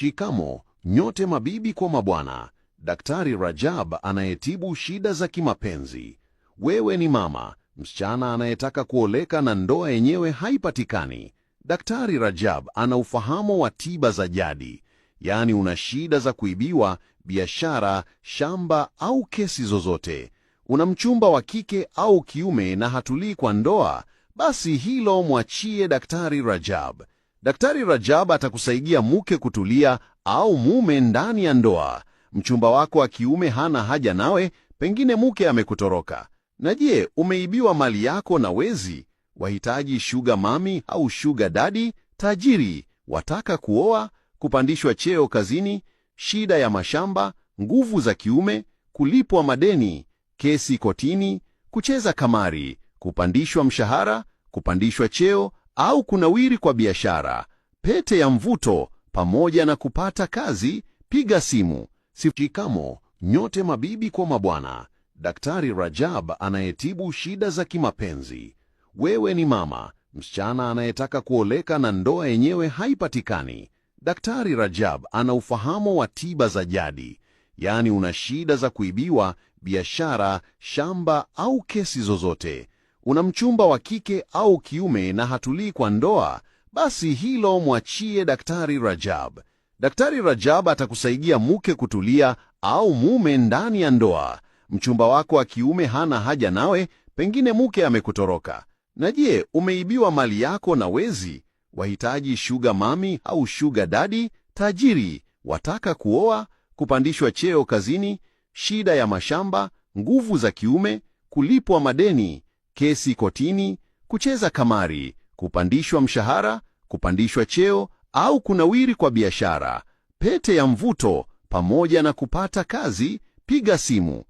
Shikamo nyote mabibi kwa mabwana. Daktari Rajab anayetibu shida za kimapenzi. Wewe ni mama msichana anayetaka kuoleka na ndoa yenyewe haipatikani. Daktari Rajab ana ufahamu wa tiba za jadi, yaani una shida za kuibiwa, biashara, shamba au kesi zozote. Una mchumba wa kike au kiume na hatulii kwa ndoa, basi hilo mwachie Daktari Rajab. Daktari Rajab atakusaidia muke kutulia au mume ndani ya ndoa. Mchumba wako wa kiume hana haja nawe, pengine muke amekutoroka. Na je, umeibiwa mali yako na wezi? Wahitaji shuga mami au shuga dadi? Tajiri wataka kuoa, kupandishwa cheo kazini, shida ya mashamba, nguvu za kiume, kulipwa madeni, kesi kotini, kucheza kamari, kupandishwa mshahara, kupandishwa cheo au kunawiri kwa biashara, pete ya mvuto pamoja na kupata kazi, piga simu sifkamo nyote mabibi kwa mabwana. Daktari Rajab anayetibu shida za kimapenzi. Wewe ni mama msichana anayetaka kuoleka na ndoa yenyewe haipatikani. Daktari Rajab ana ufahamu wa tiba za jadi, yaani una shida za kuibiwa, biashara, shamba au kesi zozote una mchumba wa kike au kiume na hatulii kwa ndoa, basi hilo mwachie Daktari Rajab. Daktari Rajab atakusaidia muke kutulia au mume ndani ya ndoa. Mchumba wako wa kiume hana haja nawe, pengine muke amekutoroka. Na je, umeibiwa mali yako na wezi? Wahitaji shuga mami au shuga dadi? Tajiri wataka kuoa, kupandishwa cheo kazini, shida ya mashamba, nguvu za kiume, kulipwa madeni kesi kotini, kucheza kamari, kupandishwa mshahara, kupandishwa cheo au kunawiri kwa biashara, pete ya mvuto, pamoja na kupata kazi, piga simu